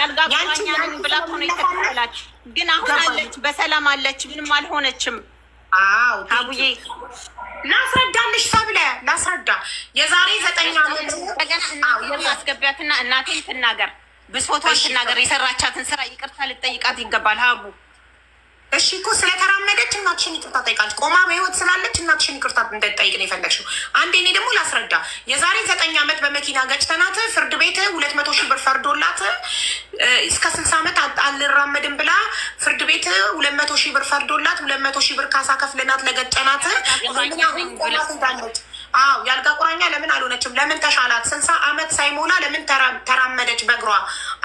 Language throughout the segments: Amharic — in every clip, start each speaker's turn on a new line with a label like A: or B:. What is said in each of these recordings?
A: ያልጋ ቁራኛ ብላ እኮ ነው የተከተላችሁ። ግን አሁን አለች፣ በሰላም አለች፣ ምንም አልሆነችም።
B: አዎ አቡዬ
A: ላስረዳልሽ ተብለ ላስረዳ የዛሬ ዘጠኝ
B: ዓመት አስገቢያትና እናቴን ትናገር፣ ብሶቷን ትናገር፣ የሰራቻትን ስራ ይቅርታ ልጠይቃት ይገባል አቡ
A: እሺ እኮ ስለተራመደች እናትሽን ይቅርታ ጠይቃለች። ቆማ በህይወት ስላለች እናትሽን ይቅርታ እንድትጠይቅ ነው የፈለግሽው። አንዴ እኔ ደግሞ ላስረዳ። የዛሬ ዘጠኝ ዓመት በመኪና ገጭተናት ፍርድ ቤት ሁለት መቶ ሺህ ብር ፈርዶላት እስከ ስልሳ ዓመት አልራመድም ብላ ፍርድ ቤት ሁለት መቶ ሺህ ብር ፈርዶላት ሁለት መቶ ሺህ ብር ካሳ ከፍልናት ለገጨናት
B: ሆናሁን ቆማ ትዳለች
A: አዎ የአልጋ ቁራኛ ለምን አልሆነችም? ለምን ተሻላት? ስልሳ አመት ሳይሞላ ለምን ተራመደች በእግሯ?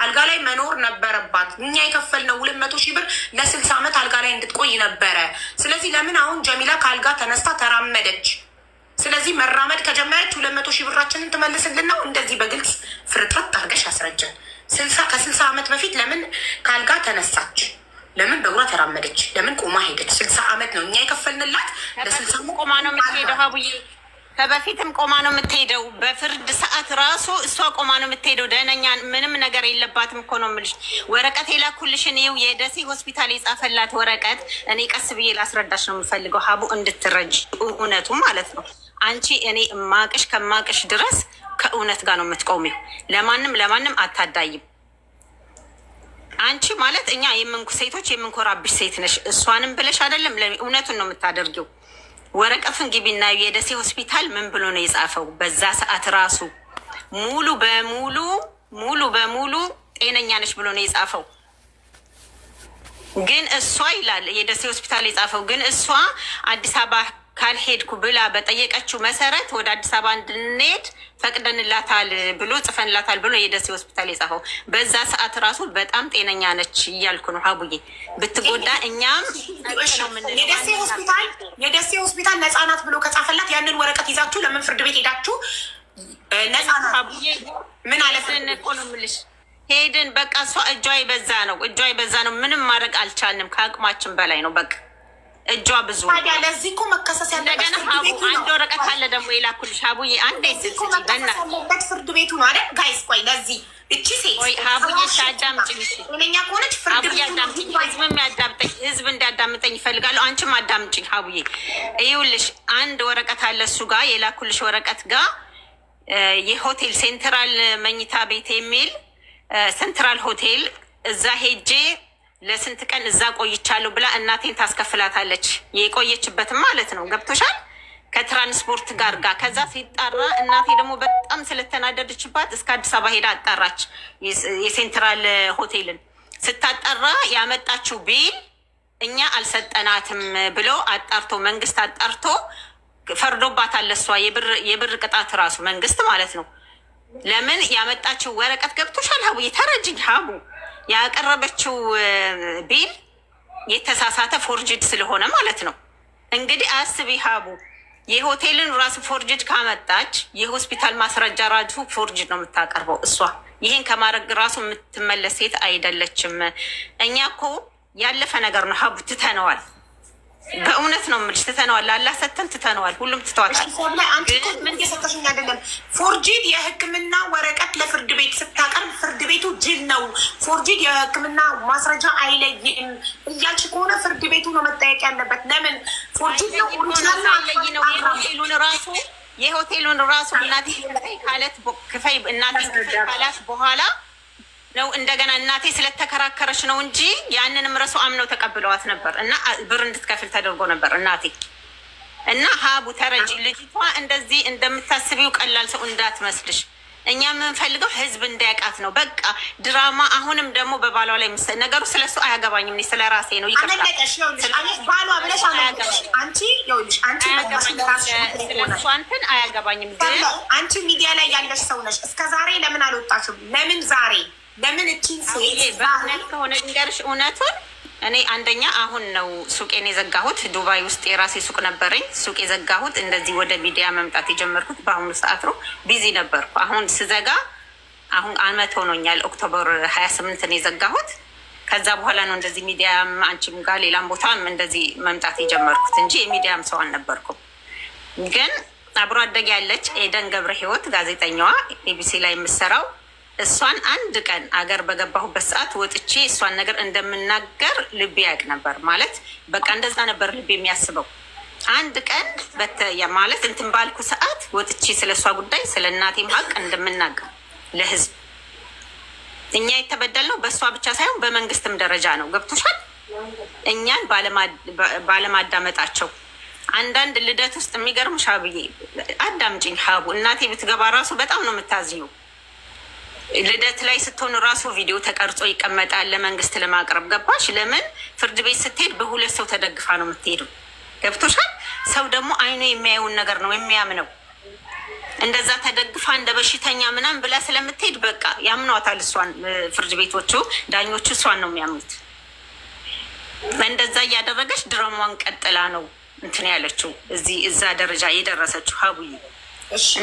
A: አልጋ ላይ መኖር ነበረባት። እኛ የከፈልነው ሁለት መቶ ሺህ ብር ለስልሳ አመት አልጋ ላይ እንድትቆይ ነበረ። ስለዚህ ለምን አሁን ጀሚላ ከአልጋ ተነስታ ተራመደች? ስለዚህ መራመድ ከጀመረች ሁለት መቶ ሺህ ብራችንን ትመልስልን ነው? እንደዚህ በግልጽ ፍርጥረት አርገሽ ያስረጀን። ስልሳ ከስልሳ አመት በፊት ለምን ከአልጋ ተነሳች? ለምን በእግሯ ተራመደች? ለምን ቆማ ሄደች? ስልሳ አመት ነው እኛ የከፈልንላት። ለስልሳ
B: ቆማ ነው የምትሄደው ሀቡዬ ከበፊትም ቆማ ነው የምትሄደው። በፍርድ ሰዓት ራሱ እሷ ቆማ ነው የምትሄደው። ደህነኛ ምንም ነገር የለባትም እኮ ነው የምልሽ። ወረቀት የላኩልሽን ይኸው፣ የደሴ ሆስፒታል የጻፈላት ወረቀት። እኔ ቀስ ብዬ ላስረዳሽ ነው የምፈልገው ሀቡ፣ እንድትረጅ እውነቱ ማለት ነው። አንቺ እኔ እማቅሽ ከማቅሽ ድረስ ከእውነት ጋር ነው የምትቆሚው። ለማንም ለማንም አታዳይም። አንቺ ማለት እኛ ሴቶች የምንኮራብሽ ሴት ነሽ። እሷንም ብለሽ አይደለም እውነቱን ነው የምታደርጊው ወረቀቱን ግቢና የደሴ ሆስፒታል ምን ብሎ ነው የጻፈው? በዛ ሰዓት ራሱ ሙሉ በሙሉ ሙሉ በሙሉ ጤነኛ ነች ብሎ ነው የጻፈው። ግን እሷ ይላል የደሴ ሆስፒታል የጻፈው ግን እሷ አዲስ አበባ ካልሄድኩ ብላ በጠየቀችው መሰረት ወደ አዲስ አበባ እንድንሄድ ፈቅደንላታል ብሎ ጽፈንላታል ብሎ የደሴ ሆስፒታል የጻፈው በዛ ሰዓት ራሱ በጣም ጤነኛ ነች እያልኩ ነው። ሀቡዬ ብትጎዳ እኛም
A: የደሴ ሆስፒታል ነፃ ናት ብሎ ከጻፈላት ያንን ወረቀት ይዛችሁ ለምን ፍርድ ቤት ሄዳችሁ? ነፃ ናት
B: ምን ሄድን። በቃ እሷ እጇ የበዛ ነው እጇ የበዛ ነው። ምንም ማድረግ አልቻልንም። ከአቅማችን በላይ ነው በቃ እጇ ብዙ
A: ታዲያ ለዚህ እኮ መከሰስ
B: ያለበት ፍርድ ቤቱ ነው። አንድ ወረቀት አለ ደግሞ የላኩልሽ ሀቡዬ አንድ
A: እኮ መከሰስ ያለበት ፍርድ ቤቱ ነው አይደል ጋይስ ቆይ ለዚህ እቺ ሴት ሀቡዬ አዳምጪኝ እውነኛ ከሆነች
B: ፍርድ ቤቱ አዳምጪኝ ህዝብም ያዳምጠኝ ህዝብ እንዲያዳምጠኝ ይፈልጋሉ። አንቺም አዳምጪኝ ሀቡዬ ይኸውልሽ አንድ ወረቀት አለ እሱ ጋር የላኩልሽ ወረቀት ጋር የሆቴል ሴንትራል መኝታ ቤት የሚል ሴንትራል ሆቴል እዛ ሄጄ ለስንት ቀን እዛ ቆይቻለሁ ብላ እናቴን ታስከፍላታለች። የቆየችበትም ማለት ነው ገብቶሻል። ከትራንስፖርት ጋር ጋር ከዛ ሲጣራ እናቴ ደግሞ በጣም ስለተናደደችባት እስከ አዲስ አበባ ሄዳ አጣራች። የሴንትራል ሆቴልን ስታጣራ ያመጣችው ቢል እኛ አልሰጠናትም ብሎ አጣርቶ መንግስት አጣርቶ ፈርዶባታል። ለሷ የብር ቅጣት ራሱ መንግስት ማለት ነው። ለምን ያመጣችው ወረቀት ገብቶሻል? ሀቡ የተረጅኝ ሀቡ ያቀረበችው ቢል የተሳሳተ ፎርጅድ ስለሆነ ማለት ነው። እንግዲህ አስቢ ሀቡ የሆቴልን ራስ ፎርጅድ ካመጣች የሆስፒታል ማስረጃ ራጅሁ ፎርጅድ ነው የምታቀርበው እሷ። ይህን ከማድረግ ራሱ የምትመለስ ሴት አይደለችም። እኛ እኮ ያለፈ ነገር ነው ሀቡ ትተነዋል። በእውነት ነው የምልሽ። ትተነዋል፣ ሰተን ትተነዋል። ሁሉም ትተዋታል።
A: ምን እየሰጠሽኝ አይደለም። ፎርጂድ የህክምና ወረቀት ለፍርድ ቤት ስታቀርብ ፍርድ ቤቱ ጅል ነው፣ ፎርጂድ የህክምና ማስረጃ አይለይም እያልሽ ከሆነ ፍርድ ቤቱ ነው መጠየቅ ያለበት። ለምን ፎርጂድ ነው
B: ኦሪጂናል አለይ ነው የሆቴሉን ራሱ የሆቴሉን ራሱ እናቴ ክፈይ ካለት እናቴ ክፈይ ካላት በኋላ ነው እንደገና እናቴ ስለተከራከረች ነው እንጂ ያንንም ረሱ አምነው ተቀብለዋት ነበር እና ብር እንድትከፍል ተደርጎ ነበር እናቴ እና ሀቡ ተረጂ ልጅቷ እንደዚህ እንደምታስቢው ቀላል ሰው እንዳትመስልሽ እኛ የምንፈልገው ህዝብ እንዳያውቃት ነው በቃ ድራማ አሁንም ደግሞ በባሏ ላይ ምስ ነገሩ ስለ እሱ አያገባኝም ስለ ራሴ ነው ስለእሷንትን አያገባኝም
A: ግን አንቺ ሚዲያ ላይ ያለሽ ሰው ነሽ እስከ ዛሬ ለምን አልወጣችም ለምን ዛሬ
B: ለምን ከሆነ ድንገርሽ እውነቱን እኔ አንደኛ አሁን ነው ሱቄን የዘጋሁት። ዱባይ ውስጥ የራሴ ሱቅ ነበረኝ። ሱቅ የዘጋሁት እንደዚህ ወደ ሚዲያ መምጣት የጀመርኩት በአሁኑ ሰዓት ነው። ቢዚ ነበርኩ። አሁን ስዘጋ አሁን አመት ሆኖኛል። ኦክቶበር ሀያ ስምንት ነው የዘጋሁት። ከዛ በኋላ ነው እንደዚህ ሚዲያም አንቺም ጋር ሌላም ቦታም እንደዚህ መምጣት የጀመርኩት እንጂ የሚዲያም ሰው አልነበርኩም። ግን አብሮ አደግ ያለች ኤደን ገብረ ህይወት ጋዜጠኛዋ ኤቢሲ ላይ የምሰራው እሷን አንድ ቀን አገር በገባሁበት ሰዓት ወጥቼ እሷን ነገር እንደምናገር ልቤ ያውቅ ነበር። ማለት በቃ እንደዛ ነበር ልቤ የሚያስበው። አንድ ቀን ማለት እንትን ባልኩ ሰዓት ወጥቼ ስለ እሷ ጉዳይ ስለ እናቴም ሀቅ እንደምናገር ለህዝብ እኛ የተበደልነው በእሷ ብቻ ሳይሆን በመንግስትም ደረጃ ነው። ገብቶሻል? እኛን ባለማዳመጣቸው አንዳንድ ልደት ውስጥ የሚገርምሽ ሻብዬ፣ አዳምጪኝ፣ ሀቡ እናቴ ብትገባ ራሱ በጣም ነው የምታዝኘው ልደት ላይ ስትሆን ራሱ ቪዲዮ ተቀርጾ ይቀመጣል ለመንግስት ለማቅረብ። ገባሽ? ለምን ፍርድ ቤት ስትሄድ በሁለት ሰው ተደግፋ ነው የምትሄደው። ገብቶሻል? ሰው ደግሞ አይኑ የሚያየውን ነገር ነው የሚያምነው። እንደዛ ተደግፋ እንደ በሽተኛ ምናምን ብላ ስለምትሄድ በቃ ያምኗታል። እሷን ፍርድ ቤቶቹ፣ ዳኞቹ እሷን ነው የሚያምኑት። እንደዛ እያደረገች ድረሟን ቀጥላ ነው እንትን ያለችው እዚህ እዛ ደረጃ የደረሰችው ሀቡዬ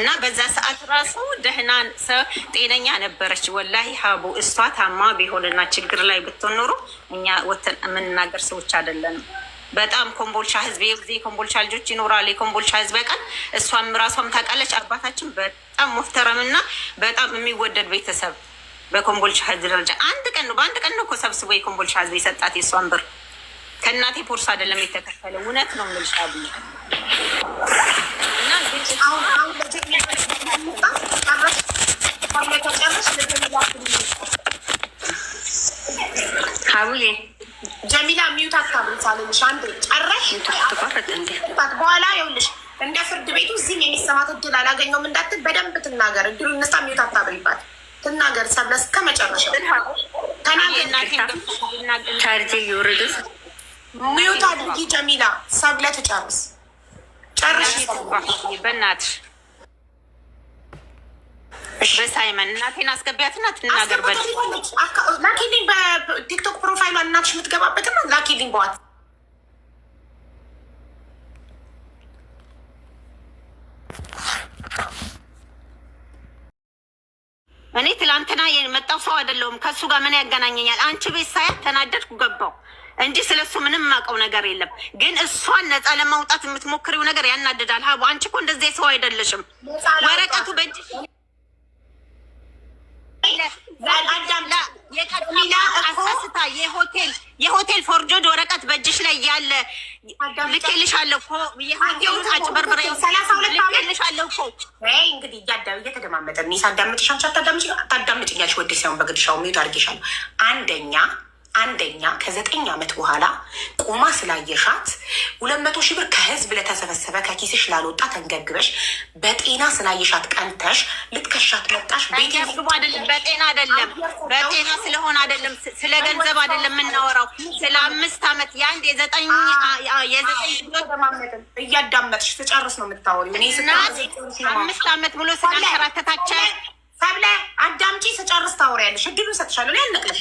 B: እና በዛ ሰዓት ራሱ ደህና ሰው ጤነኛ ነበረች። ወላሂ ሀቡ እሷ ታማ ቢሆንና ችግር ላይ ብትኖሩ እኛ ወተን የምንናገር ሰዎች አይደለንም። በጣም ኮምቦልቻ ህዝብ የጊዜ ኮምቦልቻ ልጆች ይኖራል። የኮምቦልቻ ህዝብ ያውቃል። እሷም ራሷም ታውቃለች። አባታችን በጣም ሞፍተረም እና በጣም የሚወደድ ቤተሰብ በኮምቦልቻ ህዝብ ደረጃ አንድ ቀን ነው በአንድ ቀን ነው እኮ ሰብስቦ የኮምቦልቻ ህዝብ የሰጣት የእሷን ብር ከእናቴ ቦርሳ አይደለም የተከፈለ። እውነት ነው የምልሽ ሀቡዬ
A: ጀሚላ ሚዩት አታብሪት አንዴ ጨረሽ በኋላ ይኸውልሽ እንደ ፍርድ ቤቱ እዚህም የሚሰማት እድል አላገኘውም እንዳትል በደንብ ትናገር። እድሉ እነሳ ሚዩት አታብሪባት ትናገር። ሰብለ እስከ መጨረሻው ተናገር። አድርጊ ጀሚላ ሰብለ ትጨርስ። ጨርሽ
B: በእናትሽ በሳይመን እናቴን አስገቢያትና ትናገር
A: በል በቲክቶክ ፕሮፋይሏ እናትሽ የምትገባበትን ላኪልኝ በዋት
B: እኔ ትላንትና የመጣው ሰው አይደለሁም። ከእሱ ጋር ምን ያገናኘኛል? አንቺ ቤት ሳያት ተናደድኩ ገባው እንጂ ስለ እሱ ምንም ማውቀው ነገር የለም። ግን እሷን ነፃ ለማውጣት የምትሞክሪው ነገር ያናድዳል። ሀቡ አንቺ እኮ እንደዚህ ሰው አይደለሽም። ወረቀቱ በእጅ አሳስታ የሆቴል የሆቴል ፎርጆድ ወረቀት በእጅሽ ላይ ያለ ልኬልሻለሁ እኮ የሆቴውን አጭበርብሬ ልኬልሻለሁ እኮ። እንግዲህ እየተደማመጠ ሳዳምጥሻ አንቺ አታዳምጪኝ አታዳምጪኛለሽ ወደ ሳይሆን በግድሻው ሚዩት አድርጌሻለሁ አንደኛ አንደኛ ከዘጠኝ ዓመት በኋላ ቁማ ስላየሻት ሁለት መቶ ሺህ ብር ከህዝብ ለተሰበሰበ ከኪስሽ ላልወጣ ተንገግበሽ በጤና ስላየሻት ቀንተሽ ልትከሻት መጣሽ። በጤና አይደለም፣ በጤና ስለሆነ አይደለም፣ ስለ ገንዘብ አይደለም የምናወራው። ስለ አምስት ዓመት የአንድ የዘጠኝ የዘጠኝ
A: እያዳመጥሽ ትጨርስ ነው የምታወሪው።
B: አምስት ዓመት ብሎ ስላንከራተታቸው
A: ሰብለ አዳምጪ፣ ስጨርስ ታወሪያለሽ። እድሉን ሰጥሻለሁ። ያለቅልሽ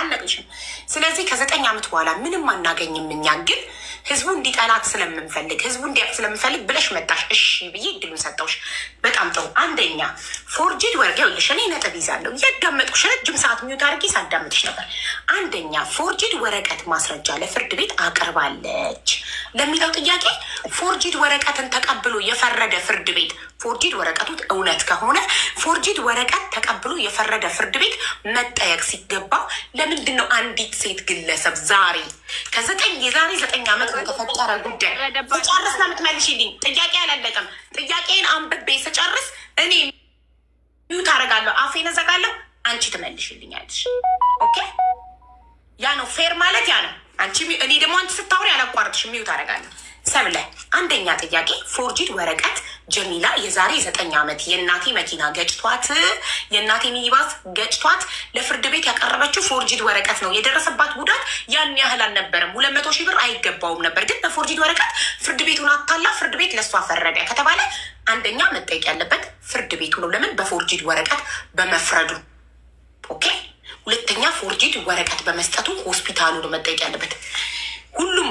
A: አለቅሽም። ስለዚህ ከዘጠኝ ዓመት በኋላ ምንም አናገኝም እኛ ግን ህዝቡ እንዲጠላት ስለምንፈልግ ህዝቡ እንዲያቅ ስለምንፈልግ ብለሽ መጣሽ። እሺ ብዬ እድሉን ሰጠውሽ። በጣም ጥሩ። አንደኛ ፎርጅድ ወርቅ ይኸውልሽ፣ እኔ ነጥብ ይዛለሁ። እያዳመጥኩሽ ረጅም ሰዓት ሚዩት አድርጌ ሳዳምጥሽ ነበር። አንደኛ ፎርጅድ ወረቀት ማስረጃ ለፍርድ ቤት አቅርባለች ለሚለው ጥያቄ ፎርጅድ ወረቀትን ተቀብሎ የፈረደ ፍርድ ቤት ፎርጂድ ወረቀቱ እውነት ከሆነ ፎርጂድ ወረቀት ተቀብሎ የፈረደ ፍርድ ቤት መጠየቅ ሲገባው ለምንድን ነው አንዲት ሴት ግለሰብ ዛሬ ከዘጠኝ የዛሬ ዘጠኝ ዓመት ተፈጥሮ የተፈጠረ ጉዳይ ስጨርስ ነው የምትመልሽልኝ። ጥያቄ አላለቀም። ጥያቄን አንብቤ ስጨርስ እኔ ሚዩት አደርጋለሁ፣ አፌን እዘጋለሁ። አንቺ ትመልሽልኛለሽ። ኦኬ፣ ያ ነው ፌር ማለት ያ ነው። አንቺ እኔ ደግሞ አንቺ ስታወሪ አላቋርጥሽ፣ ሚዩት አደርጋለሁ። ሰብለ አንደኛ ጥያቄ ፎርጂድ ወረቀት ጀሚላ የዛሬ ዘጠኝ ዓመት የእናቴ መኪና ገጭቷት የእናቴ ሚኒባስ ገጭቷት ለፍርድ ቤት ያቀረበችው ፎርጂድ ወረቀት ነው። የደረሰባት ጉዳት ያን ያህል አልነበረም። ሁለት መቶ ሺህ ብር አይገባውም ነበር፣ ግን በፎርጂድ ወረቀት ፍርድ ቤቱን አታላ ፍርድ ቤት ለሷ ፈረደ ከተባለ አንደኛ መጠየቅ ያለበት ፍርድ ቤቱ ነው። ለምን በፎርጂድ ወረቀት በመፍረዱ። ኦኬ። ሁለተኛ ፎርጂድ ወረቀት በመስጠቱ ሆስፒታሉ ነው መጠየቅ ያለበት። ሁሉም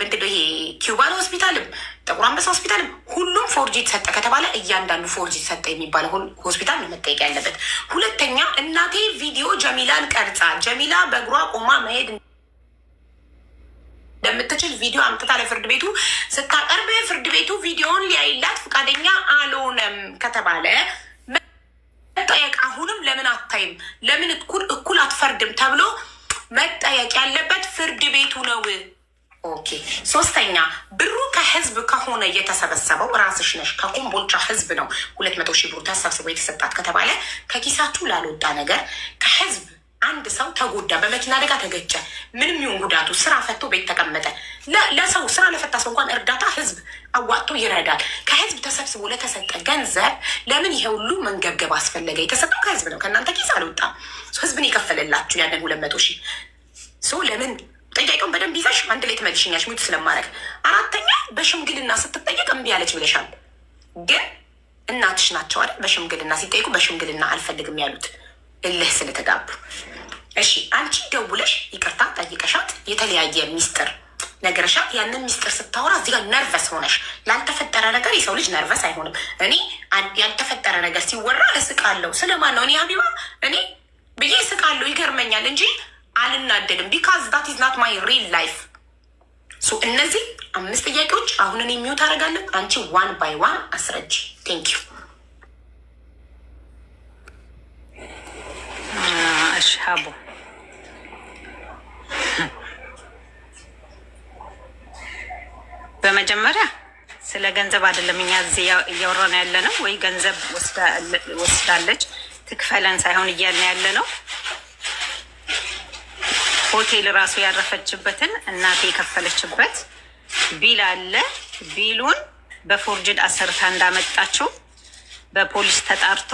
A: ምንድነው ይሄ ኪውባን ሆስፒታልም ጥቁር አንበሳ ሆስፒታልም ሁሉም ፎርጂ ተሰጠ ከተባለ እያንዳንዱ ፎርጂ ተሰጠ የሚባለ ሆስፒታል ነው መጠየቅ ያለበት። ሁለተኛ እናቴ ቪዲዮ ጀሚላን ቀርጻ ጀሚላ በእግሯ ቆማ መሄድ እንደምትችል ቪዲዮ አምጥታ ለፍርድ ቤቱ ስታቀርብ ፍርድ ቤቱ ቪዲዮውን ሊያይላት ፈቃደኛ አልሆነም ከተባለ መጠየቅ አሁንም ለምን አታይም፣ ለምን እኩል እኩል አትፈርድም ተብሎ መጠየቅ ያለበት ፍርድ ቤቱ ነው። ኦኬ። ሶስተኛ ብሩ ከህዝብ ከሆነ የተሰበሰበው ራስሽ ነሽ። ከኮምቦልቻ ህዝብ ነው ሁለት መቶ ሺህ ብሩ ተሰብስቦ የተሰጣት ከተባለ ከኪሳችሁ ላልወጣ ነገር ከህዝብ አንድ ሰው ተጎዳ፣ በመኪና አደጋ ተገጨ፣ ምንም ይሁን ጉዳቱ ስራ ፈቶ ቤት ተቀመጠ። ለሰው ስራ ለፈታ ሰው እንኳን እርዳታ ህዝብ አዋጥቶ ይረዳል። ከህዝብ ተሰብስቦ ለተሰጠ ገንዘብ ለምን ይሄ ሁሉ መንገብገብ አስፈለገ? የተሰጠው ከህዝብ ነው፣ ከእናንተ ኪስ አልወጣም። ህዝብን የከፈለላችሁ ያንን ሁለት መቶ ሺህ ለምን ጥያቄውን በደንብ ይዘሽ አንድ ላይ ትመልሽኛሽ ሙት ስለማድረግ። አራተኛ በሽምግልና ስትጠየቅ እምቢ ያለች ብለሻል። ግን እናትሽ ናቸው አይደል? በሽምግልና ሲጠይቁ በሽምግልና አልፈልግም ያሉት እልህ ስለተጋቡ እሺ አንቺ ደውለሽ ይቅርታ ጠይቀሻት የተለያየ ሚስጥር ነገረሻት። ያንን ሚስጥር ስታወራ እዚህ ጋር ነርቨስ ሆነሽ ላልተፈጠረ ነገር የሰው ልጅ ነርቨስ አይሆንም። እኔ ያልተፈጠረ ነገር ሲወራ እስቃለሁ። ስለማን ነው እኔ ሀቢባ እኔ ብዬ እስቃለሁ። ይገርመኛል እንጂ አልናደድም። ቢካዝ ዛት ኢዝ ናት ማይ ሪል ላይፍ። እነዚህ አምስት ጥያቄዎች አሁንን የሚውት አደርጋለን። አንቺ ዋን ባይ ዋን አስረጅ። ቴንክ ዩ
B: በመጀመሪያ ስለ ገንዘብ አይደለም እኛ እዚህ እያወራን ያለ ነው፣ ወይ ገንዘብ ወስዳለች ትክፈለን ሳይሆን እያልን ያለ ነው። ሆቴል ራሱ ያረፈችበትን እናቴ የከፈለችበት ቢል አለ። ቢሉን በፎርጅድ አሰርታ እንዳመጣችው በፖሊስ ተጣርቶ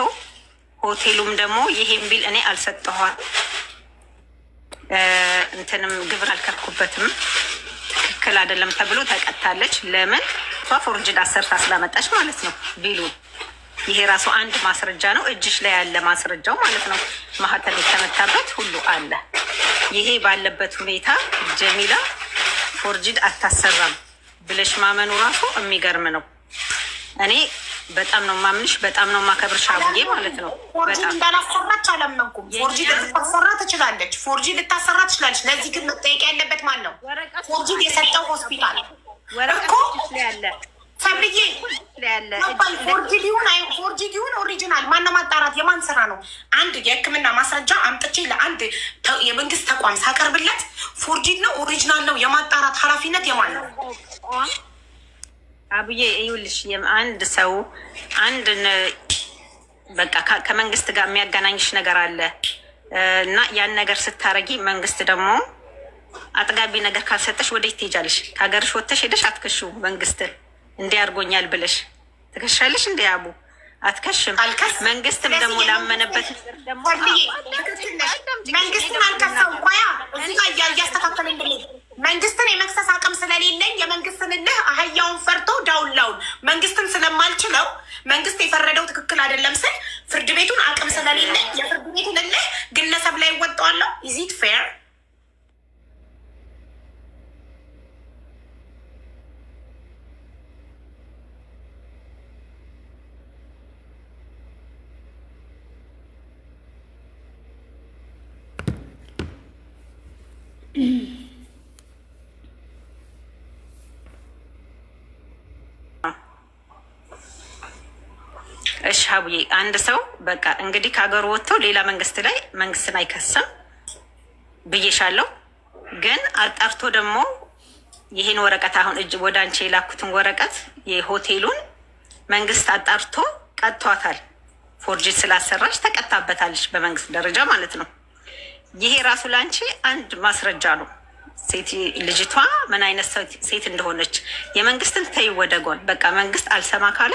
B: ሆቴሉም ደግሞ ይሄን ቢል እኔ አልሰጠኋል እንትንም ግብር አልከፍኩበትም ትክክል አይደለም ተብሎ ተቀታለች ለምን እሷ ፎርጅድ አሰርታ ስላመጣች ማለት ነው ቢሉ ይሄ ራሱ አንድ ማስረጃ ነው። እጅሽ ላይ ያለ ማስረጃው ማለት ነው። ማህተም የተመታበት ሁሉ አለ። ይሄ ባለበት ሁኔታ ጀሚላ ፎርጅድ አታሰራም ብለሽ ማመኑ ራሱ የሚገርም ነው። እኔ በጣም ነው ማምንሽ፣ በጣም ነው ማከብርሽ አቡዬ ማለት ነው።
A: ፎርጂ እንዳላሰራች አላመንኩም። ፎርጂ ልታሰራ ትችላለች፣ ፎርጂ ልታሰራ ትችላለች። ለዚህ ግን መጠየቅ ያለበት ማን ነው? ፎርጂ የሰጠው ሆስፒታል እኮ ያለ ፎርጂ አይ ፎርጂ ሊሆን ኦሪጂናል ማነው ማጣራት የማን ስራ ነው? አንድ የሕክምና ማስረጃ አምጥቼ ለአንድ የመንግስት ተቋም ሳቀርብለት ፎርጂ ነው ኦሪጂናል ነው የማጣራት ኃላፊነት የማን ነው?
B: አብዬ ይኸውልሽ አንድ ሰው አንድ በቃ ከመንግስት ጋር የሚያገናኝሽ ነገር አለ እና ያን ነገር ስታረጊ መንግስት ደግሞ አጥጋቢ ነገር ካልሰጠሽ ወደ ትሄጃለሽ። ከሀገርሽ ወጥተሽ ሄደሽ አትከሺው መንግስት እንዲህ አድርጎኛል ብለሽ ትከሻለሽ። እንዲ አቡ አትከሽም። መንግስትም ደግሞ ላመነበት ነገር
A: ደግሞ መንግስትም አልከሳው ቆያ እዚህ እያስተካከለ መንግስትን የመክሰስ አቅም ስለሌለኝ የመንግስትንልህ አህያውን ፈርቶ ዳውላውን መንግስትን ስለማልችለው መንግስት የፈረደው ትክክል አይደለም ስል ፍርድ ቤቱን አቅም ስለሌለኝ የፍርድ ቤቱን ልህ ግለሰብ ላይ ይወጣዋለሁ። ኢዚት ፌር?
B: እሺ አንድ ሰው በቃ እንግዲህ ከሀገሩ ወጥቶ ሌላ መንግስት ላይ መንግስትን አይከስም ብዬሻለሁ። ግን አጣርቶ ደግሞ ይሄን ወረቀት አሁን እጅ ወደ አንቺ የላኩትን ወረቀት የሆቴሉን መንግስት አጣርቶ ቀጥቷታል። ፎርጅት ስላሰራች ተቀጣበታለች፣ በመንግስት ደረጃ ማለት ነው። ይሄ ራሱ ለአንቺ አንድ ማስረጃ ነው። ሴት ልጅቷ ምን አይነት ሴት እንደሆነች የመንግስትን ተይወደጎን በቃ መንግስት አልሰማ ካለ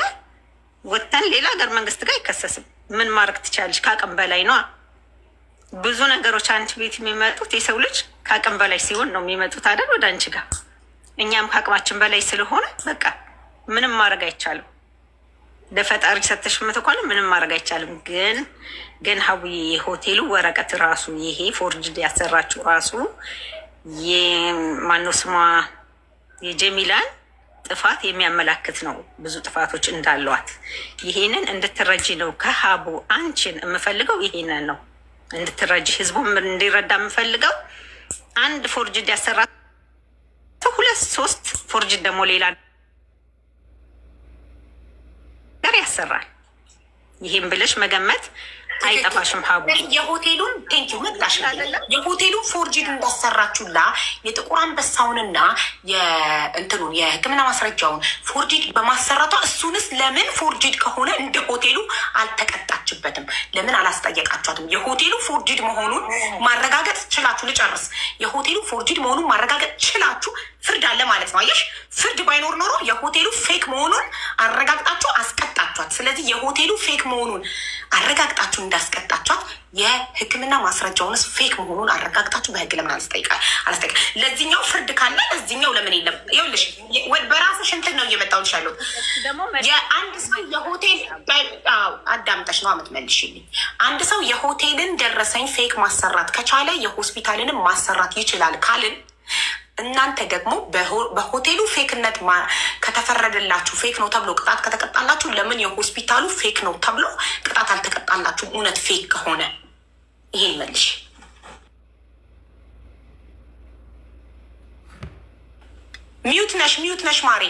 B: ወጥተን ሌላ ሀገር መንግስት ጋር አይከሰስም። ምን ማድረግ ትቻለች? ከአቅም በላይ ነዋ። ብዙ ነገሮች አንቺ ቤት የሚመጡት የሰው ልጅ ከአቅም በላይ ሲሆን ነው የሚመጡት አይደል? ወደ አንቺ ጋር እኛም ከአቅማችን በላይ ስለሆነ በቃ ምንም ማድረግ አይቻልም። ለፈጣሪ ሰተሽ ከሆነ ምንም ማድረግ አይቻልም። ግን ግን ሀቡዬ የሆቴሉ ወረቀት ራሱ ይሄ ፎርጅድ ያሰራችው ራሱ የማነው ስሟ የጀሚላን ጥፋት የሚያመላክት ነው። ብዙ ጥፋቶች እንዳሏት ይሄንን እንድትረጂ ነው ከሀቡ አንቺን የምፈልገው ይሄንን ነው እንድትረጂ፣ ህዝቡ እንዲረዳ የምፈልገው አንድ ፎርጅድ ያሰራ ሁለት ሶስት ፎርጅድ ደግሞ ሌላ ነገር ያሰራል። ይህም ብለሽ መገመት አይጠፋሽም ሀቡ።
A: የሆቴሉን ቴንኪው መጣሽ። የሆቴሉ ፎርጂድ እንዳሰራችሁላ የጥቁር አንበሳውንና የእንትኑን የሕክምና ማስረጃውን ፎርጂድ በማሰራቷ እሱንስ ለምን ፎርጂድ ከሆነ እንደ ሆቴሉ አልተቀጣችበትም? ለምን አላስጠየቃችኋትም? የሆቴሉ ፎርጂድ መሆኑን ማረጋገጥ ችላችሁ ልጨርስ። የሆቴሉ ፎርጂድ መሆኑን ማረጋገጥ ችላችሁ ፍርድ አለ ማለት ነው። አየሽ፣ ፍርድ ባይኖር ኖሮ የሆቴሉ ፌክ መሆኑን አረጋግጣችሁ አስቀጣችኋት። ስለዚህ የሆቴሉ ፌክ መሆኑን አረጋግጣችሁ እንዳስቀጣችኋት የሕክምና ማስረጃውንስ ፌክ መሆኑን አረጋግጣችሁ በህግ ለምን አልስጠይቃል አላስጠይቃል። ለዚህኛው ፍርድ ካለ ለዚኛው ለምን የለም? ይኸውልሽ በራስሽ እንትን ነው እየመጣሁልሽ ያለሁት። የአንድ ሰው የሆቴል አዳምጠሽ ነው አመት አንድ ሰው የሆቴልን ደረሰኝ ፌክ ማሰራት ከቻለ የሆስፒታልንም ማሰራት ይችላል ካልን እናንተ ደግሞ በሆቴሉ ፌክነት ከተፈረደላችሁ ፌክ ነው ተብሎ ቅጣት ከተቀጣላችሁ ለምን የሆስፒታሉ ፌክ ነው ተብሎ ቅጣት አልተቀጣላችሁም? እውነት ፌክ ከሆነ ይሄን መልሽ። ሚዩት ነሽ፣ ሚዩት ነሽ ማሬ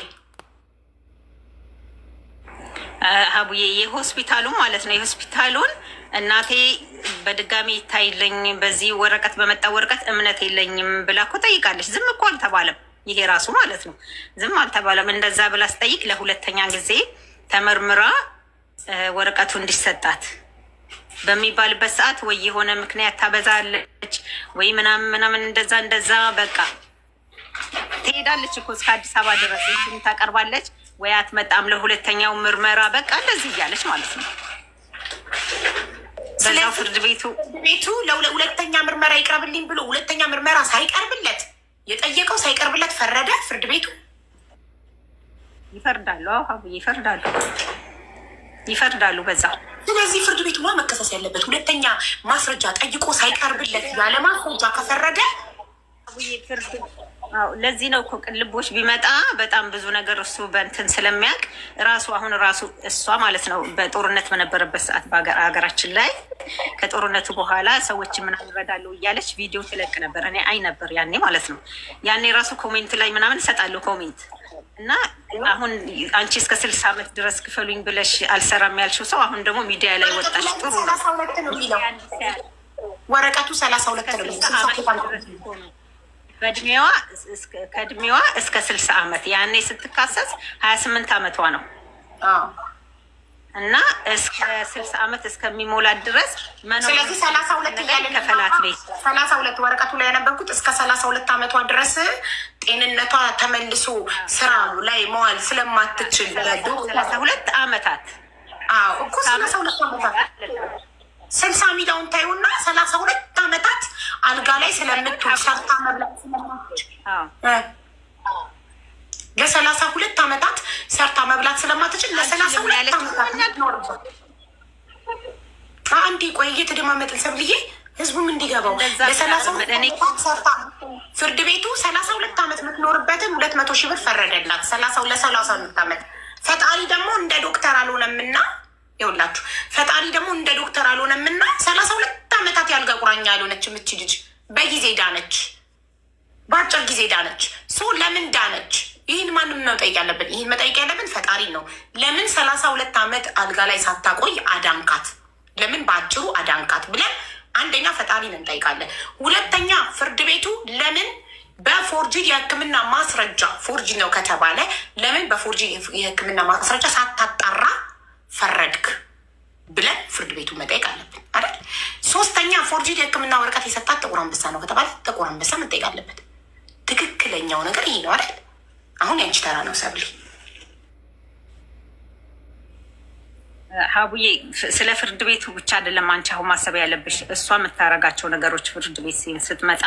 B: አቡዬ የሆስፒታሉን ማለት ነው የሆስፒታሉን እናቴ በድጋሚ ይታይልኝ፣ በዚህ ወረቀት በመጣ ወረቀት እምነት የለኝም ብላ እኮ ጠይቃለች። ዝም እኮ አልተባለም። ይሄ ራሱ ማለት ነው ዝም አልተባለም። እንደዛ ብላ ስጠይቅ ለሁለተኛ ጊዜ ተመርምራ ወረቀቱ እንዲሰጣት በሚባልበት ሰዓት ወይ የሆነ ምክንያት ታበዛለች ወይ ምናምን ምናምን እንደዛ እንደዛ በቃ ትሄዳለች እኮ እስከ አዲስ አበባ ድረስ እንትን ታቀርባለች ወይ አትመጣም ለሁለተኛው ምርመራ በቃ እንደዚህ እያለች ማለት ነው። ፍርድ ቤቱ
A: ቤቱ ሁለተኛ ምርመራ ይቀርብልኝ ብሎ ሁለተኛ ምርመራ ሳይቀርብለት የጠየቀው ሳይቀርብለት ፈረደ። ፍርድ ቤቱ
B: ይፈርዳሉ፣ ይፈርዳሉ፣ ይፈርዳሉ። በዛ
A: ስለዚህ ፍርድ ቤቱ ማ መከሰስ ያለበት ሁለተኛ ማስረጃ ጠይቆ ሳይቀርብለት ያለ ማስረጃ ከፈረደ
B: ለዚህ ነው እኮ ቅልቦች ቢመጣ በጣም ብዙ ነገር እሱ በእንትን ስለሚያውቅ ራሱ አሁን ራሱ እሷ ማለት ነው በጦርነት በነበረበት ሰዓት በሀገራችን ላይ ከጦርነቱ በኋላ ሰዎች ምን እረዳለሁ እያለች ቪዲዮ ትለቅ ነበር። እኔ አይ ነበር ያኔ ማለት ነው። ያኔ ራሱ ኮሜንት ላይ ምናምን እሰጣለሁ ኮሜንት እና አሁን አንቺ እስከ ስልሳ ዓመት ድረስ ክፈሉኝ ብለሽ አልሰራም ያልሽው ሰው አሁን ደግሞ ሚዲያ ላይ ወጣሽ። ጥሩ
A: ነው። ወረቀቱ ሰላሳ ሁለት ነው
B: በእድሜዋ ከእድሜዋ እስከ ስልሳ ዓመት ያኔ ስትካሰስ ሀያ ስምንት ዓመቷ ነው እና እስከ ስልሳ ዓመት እስከሚሞላት ድረስ
A: ስለዚህ ሰላሳ ሁለት ከፈላት ቤት ሰላሳ ሁለት ወረቀቱ ላይ ያነበብኩት እስከ ሰላሳ ሁለት ዓመቷ ድረስ ጤንነቷ ተመልሶ ስራ ላይ መዋል ስለማትችል
B: ሰላሳ ሁለት ዓመታት
A: እኮ ሰላሳ ሁለት ዓመታት ስልሳ ሚሊዮን ታዩና ሰላሳ ሁለት አመታት አልጋ ላይ ስለምትውል ሰርታ መብላት ለሰላሳ ሁለት አመታት ሰርታ መብላት ስለማትችል ለሰላሳ ሁለት ዓመታት አንዴ ቆይ እየተደማመጥን ሰብልዬ ህዝቡም እንዲገባው ለሰላሳ ሰርታ ፍርድ ቤቱ ሰላሳ ሁለት አመት የምትኖርበትን ሁለት መቶ ሺህ ብር ፈረደላት። ሰላሳ ለሰላሳ ሁለት ዓመት ፈጣሪ ደግሞ እንደ ዶክተር አልሆነምና ይኸውላችሁ ፈጣሪ ደግሞ እንደ ዶክተር አልሆነም እና ሰላሳ ሁለት ዓመታት ያልጋ ቁራኛ ያልሆነች ምች ልጅ በጊዜ ዳነች፣ በአጭር ጊዜ ዳነች። ሶ ለምን ዳነች? ይህን ማንም መጠየቅ ያለብን ይህን መጠየቅ ያለብን ፈጣሪ ነው። ለምን ሰላሳ ሁለት ዓመት አልጋ ላይ ሳታቆይ አዳንካት? ለምን በአጭሩ አዳንካት ብለን አንደኛ ፈጣሪን እንጠይቃለን። ሁለተኛ ፍርድ ቤቱ ለምን በፎርጂ የሕክምና ማስረጃ ፎርጂ ነው ከተባለ ለምን በፎርጂ የሕክምና ማስረጃ ሳታጣራ ፈረድክ ብለን ፍርድ ቤቱ መጠየቅ አለብን አይደል? ሶስተኛ ፎርጅድ የህክምና ወረቀት የሰጣት ጥቁር አንበሳ ነው ከተባለ ጥቁር አንበሳ መጠየቅ አለበት። ትክክለኛው ነገር ይሄ ነው አይደል? አሁን ያንቺ ተራ ነው ሰብል
B: ሀቡዬ ስለ ፍርድ ቤቱ ብቻ አይደለም አንቺ አሁን ማሰብ ያለብሽ፣ እሷ የምታረጋቸው ነገሮች ፍርድ ቤት ስትመጣ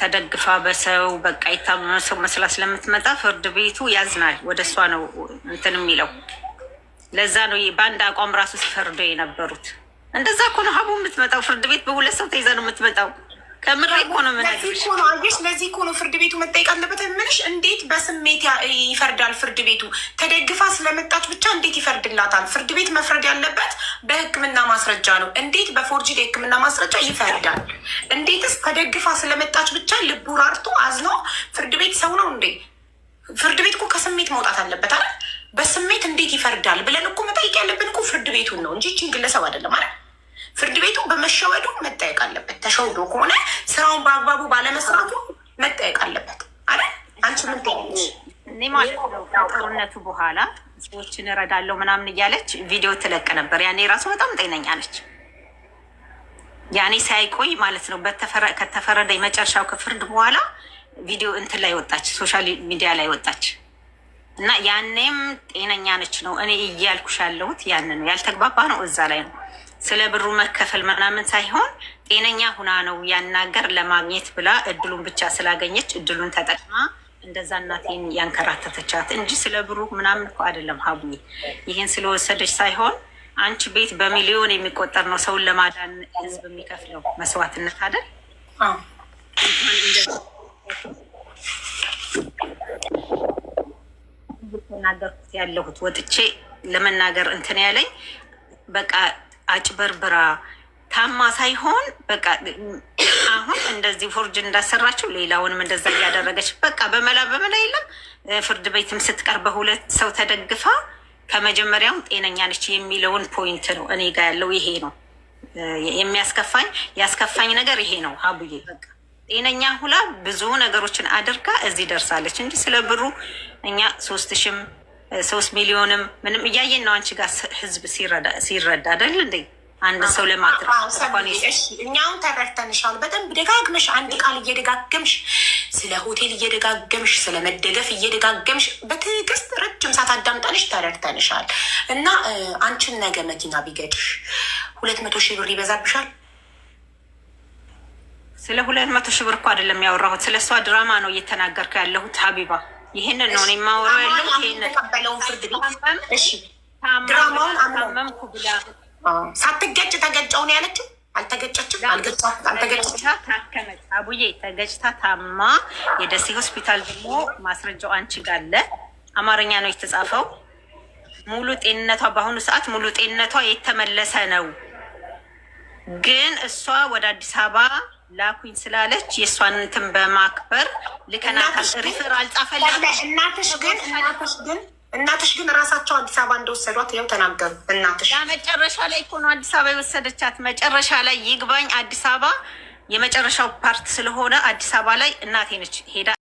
B: ተደግፋ በሰው በቃ የታመመ ሰው መስላ ስለምትመጣ ፍርድ ቤቱ ያዝናል። ወደ እሷ ነው እንትን የሚለው ለዛ ነው በአንድ አቋም ራሱ ሲፈርዱ የነበሩት። እንደዛ እኮ ነው ሀቡ የምትመጣው ፍርድ ቤት በሁለት ሰው ተይዛ ነው የምትመጣው። ከምር እኮ ነው
A: ለዚህ እኮ ነው ፍርድ ቤቱ መጠየቅ አለበት የምልሽ። እንዴት በስሜት ይፈርዳል ፍርድ ቤቱ? ተደግፋ ስለመጣች ብቻ እንዴት ይፈርድላታል? ፍርድ ቤት መፍረድ ያለበት በሕክምና ማስረጃ ነው። እንዴት በፎርጅድ የሕክምና ማስረጃ ይፈርዳል? እንዴትስ ተደግፋ ስለመጣች ብቻ ልቡ ራርቶ አዝኖ ፍርድ ቤት ሰው ነው እንዴ? ፍርድ ቤት እኮ ከስሜት መውጣት አለበት አይደል? በስሜት እንዴት ይፈርዳል ብለን እኮ መጠየቅ ያለብን እኮ ፍርድ ቤቱን ነው እንጂ ይህችን ግለሰብ አይደለም አይደል? ፍርድ ቤቱ በመሸወዱ መጠየቅ አለበት። ተሸውዶ ከሆነ ስራውን በአግባቡ ባለመስራቱ መጠየቅ አለበት አይደል? አንቺ ምን
B: እኔ ማለት ነው በኋላ ሰዎችን እረዳለሁ ምናምን እያለች ቪዲዮ ትለቅ ነበር። ያኔ ራሱ በጣም ጤነኛ ነች። ያኔ ሳይቆይ ማለት ነው ከተፈረደ የመጨረሻው ከፍርድ በኋላ ቪዲዮ እንትን ላይ ወጣች፣ ሶሻል ሚዲያ ላይ ወጣች። እና ያኔም ጤነኛ ነች ነው እኔ እያልኩሽ ያለሁት ያን ነው ያልተግባባ ነው እዛ ላይ ነው ስለ ብሩ መከፈል ምናምን ሳይሆን ጤነኛ ሁና ነው ያናገር ለማግኘት ብላ እድሉን ብቻ ስላገኘች እድሉን ተጠቅማ እንደዛ እናቴን ያንከራተተቻት እንጂ ስለ ብሩ ምናምን እኮ አይደለም። ሀቡ ይህን ስለወሰደች ሳይሆን አንቺ ቤት በሚሊዮን የሚቆጠር ነው ሰውን ለማዳን ህዝብ የሚከፍለው መስዋዕትነት አይደል? የተናገርኩት ያለሁት ወጥቼ ለመናገር እንትን ያለኝ በቃ አጭበርብራ ታማ ሳይሆን በቃ አሁን እንደዚህ ፎርጅ እንዳሰራችው ሌላውንም እንደዛ እያደረገች በቃ በመላ በመላ የለም ፍርድ ቤትም ስትቀር በሁለት ሰው ተደግፋ ከመጀመሪያውም ጤነኛ ነች የሚለውን ፖይንት ነው እኔ ጋ ያለው ይሄ ነው የሚያስከፋኝ። ያስከፋኝ ነገር ይሄ ነው አቡዬ በቃ ጤነኛ ሁላ ብዙ ነገሮችን አድርጋ እዚህ ደርሳለች እንጂ ስለ ብሩ እኛ ሶስት ሺህም ሶስት ሚሊዮንም ምንም እያየን ነው። አንቺ ጋር ህዝብ ሲረዳ አይደል እንዴ? አንድ ሰው
A: ለማትረፍ እኛውን ተረድተንሻል። በደንብ ደጋግመሽ አንድ ቃል እየደጋገምሽ ስለ ሆቴል እየደጋገምሽ ስለ መደገፍ እየደጋገምሽ በትዕግስት ረጅም ሰዓት አዳምጠንሽ ተረድተንሻል እና አንቺን ነገ መኪና ቢገጭሽ ሁለት መቶ ሺህ ብር ይበዛብሻል።
B: ስለ ሁለት መቶ ሺህ ብር እኮ አይደለም ያወራሁት፣ ስለ እሷ ድራማ ነው እየተናገርክ ያለሁት ሀቢባ። ይህንን ነው
A: የማወራው ያለሁት። ይህንንቀበለውን ፍርድ ድራማውን ብላ ሳትገጭ ተገጨውን ያለችው አልተገጨችም።
B: አቡዬ ተገጭታ ታማ የደሴ ሆስፒታል ደግሞ ማስረጃው አንቺ ጋር አለ። አማርኛ ነው የተጻፈው። ሙሉ ጤንነቷ በአሁኑ ሰዓት ሙሉ ጤንነቷ የተመለሰ ነው። ግን እሷ ወደ አዲስ አበባ ላኩኝ ስላለች የእሷን እንትን በማክበር ልከና ሪፈራል ጻፈላት።
A: እናትሽ ግን እናትሽ ግን እናትሽ ግን እራሳቸው አዲስ አበባ እንደወሰዷት ያው ተናገሩ። እናትሽ
B: መጨረሻ ላይ እኮ ነው አዲስ አበባ የወሰደቻት። መጨረሻ ላይ ይግባኝ አዲስ አበባ የመጨረሻው ፓርት ስለሆነ አዲስ አበባ ላይ እናቴ ነች ሄዳ